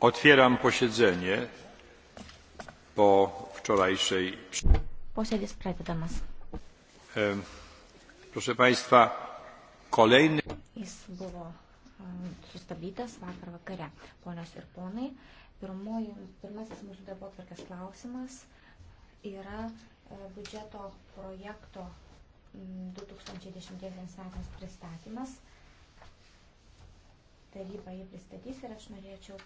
Otwieram posiedzenie po wczorajszej. Posiedzenie pradedamas. E, proszę Państwa, kolejny. Jis buvo sustabdytas vakar vakare. Ponios ir ponai, pirmoji, pirmasis mūsų darbo atvarkės klausimas yra e, biudžeto projekto 2010 metams pristatymas taryba jį pristatys ir aš norėčiau